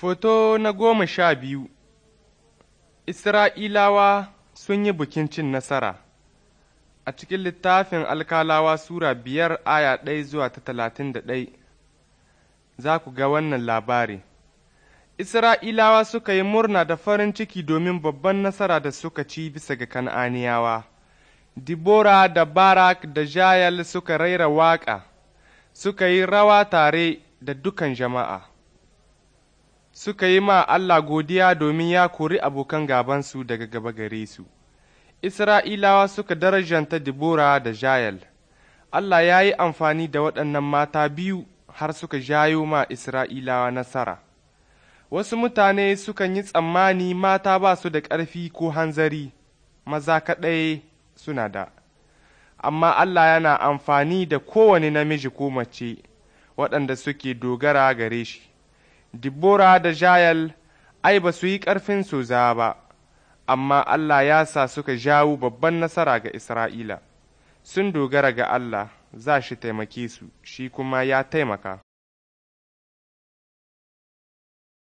Foto na goma sha biyu Isra'ilawa sun yi bikin cin nasara A cikin littafin alkalawa Sura biyar aya ɗaya zuwa ta talatin da ɗai za ku ga wannan labari. Isra'ilawa suka yi murna da farin ciki domin babban nasara da suka ci bisa ga Kan'aniyawa. Dibora da Barak da Jayal suka raira waƙa, suka yi rawa tare da dukan jama'a. suka yi ma Allah godiya domin ya kori abokan gabansu daga gaba gare su. Isra'ilawa suka darajanta Dibora da jayal Allah ya yi amfani da waɗannan mata biyu har suka jayo ma Isra'ilawa nasara. Wasu mutane sukan yi tsammani mata ba su da ƙarfi ko hanzari, maza kaɗai suna da. Amma Allah yana amfani da kowane namiji ko mace waɗanda suke dogara gare shi. Dibora da Jayal ai ba su yi ƙarfin soza ba, amma Allah ya sa suka jawo babban nasara ga Isra'ila, sun dogara ga Allah za shi taimake su, shi kuma ya taimaka.